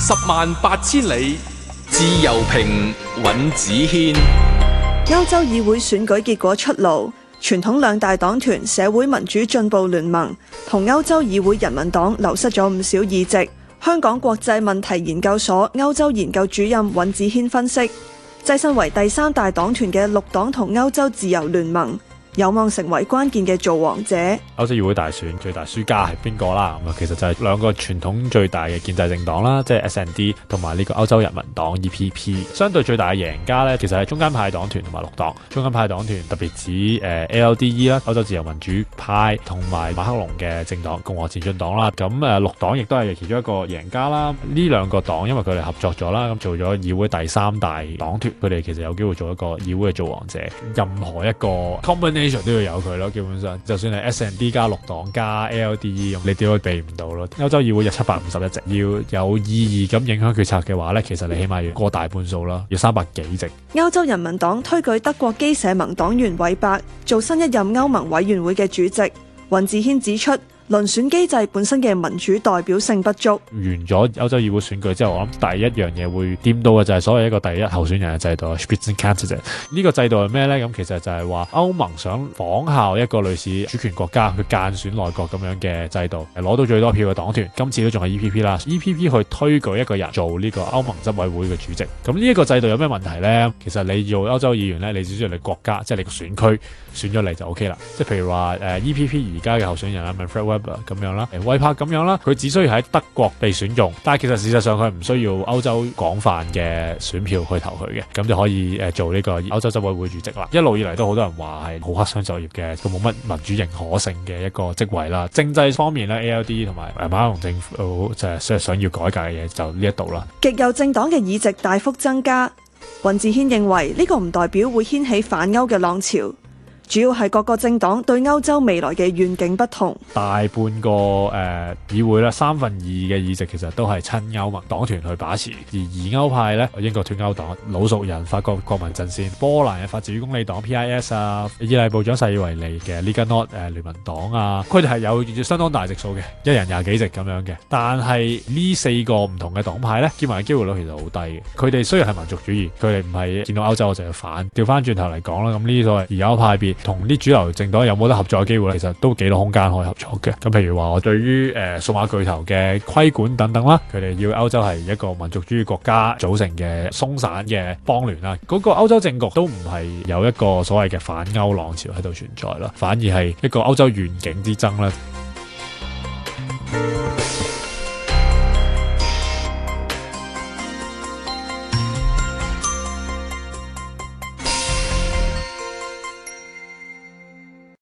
十萬八千里，自由評尹子軒。歐洲議會選舉結果出爐，傳統兩大黨團社會民主進步聯盟同歐洲議會人民黨流失咗唔少議席。香港國際問題研究所歐洲研究主任尹子軒分析，躋身為第三大黨團嘅綠黨同歐洲自由聯盟。有望成為關鍵嘅造王者。歐洲議會大選最大輸家係邊個啦？咁啊，其實就係兩個傳統最大嘅建制政黨啦，即係 S&D 同埋呢個歐洲人民黨 EPP。相對最大嘅贏家咧，其實係中間派黨團同埋綠黨。中間派黨團特別指誒、呃、ALDE 啦，歐洲自由民主派同埋馬克龍嘅政黨共和前進黨啦。咁誒綠黨亦都係其中一個贏家啦。呢兩個黨因為佢哋合作咗啦，咁做咗議會第三大黨團，佢哋其實有機會做一個議會嘅造王者。任何一個 company。都要有佢咯，基本上就算係 S&D 加綠黨加 LDE 咁，你點可避唔到咯？歐洲議會有七百五十一席，要有意義咁影響決策嘅話咧，其實你起碼要過大半數啦，要三百幾席。歐洲人民黨推舉德國基社盟黨員韋伯做新一任歐盟委員會嘅主席。尹子軒指出，輪選機制本身嘅民主代表性不足。完咗歐洲議會選舉之後，我諗第一樣嘢會掂到嘅就係所謂一個第一候選人嘅制度 Spitzenkandidat）。呢、呢個制度係咩呢？咁其實就係話歐盟想仿效一個類似主權國家去間選內閣咁樣嘅制度，攞到最多票嘅黨團，今次都仲係 EPP 啦，EPP 去推舉一個人做呢個歐盟執委會嘅主席。咁呢一個制度有咩問題呢？其實你做歐洲議員呢，你只需要你國家，即、就、係、係、你個選區選咗嚟就 OK 啦。即係譬如話、呃、EPP 而家嘅候選人啊，Manfred 咁樣啦，威帕咁樣啦，佢只需要喺德國被選中，但係其實事實上佢唔需要歐洲廣泛嘅選票去投佢嘅，咁就可以誒做呢個歐洲執委會主席啦。一路以嚟都好多人話係好黑箱作業嘅，都冇乜民主認可性嘅一個職位啦。政制方面呢，ALD 同埋馬克龍政府就係想想要改革嘅嘢就呢一度啦。極右政黨嘅議席大幅增加，尹子軒認為呢個唔代表會掀起反歐嘅浪潮。主要係各個政黨對歐洲未來嘅願景不同。大半個誒、呃、議會啦，三分二嘅議席其實都係親歐盟黨團去把持，而疑歐派咧，英國脫歐黨、老熟人、法國國民陣線、波蘭嘅法治與公理黨 （PIS） 啊、意大利部長世意為利嘅 Lega 誒聯盟黨啊，佢哋係有相當大席數嘅，一人廿幾席咁樣嘅。但係呢四個唔同嘅黨派咧，結埋嘅機會率其實好低嘅。佢哋雖然係民族主義，佢哋唔係見到歐洲我就要反。調翻轉頭嚟講啦，咁呢個疑歐派別。同啲主流政黨有冇得合作嘅機會？其實都幾多空間可以合作嘅。咁譬如話，我對於誒、呃、數碼巨頭嘅規管等等啦，佢哋要歐洲係一個民族主義國家組成嘅鬆散嘅邦聯啦，嗰、那個歐洲政局都唔係有一個所謂嘅反歐浪潮喺度存在啦，反而係一個歐洲願景之爭啦。嗯嗯嗯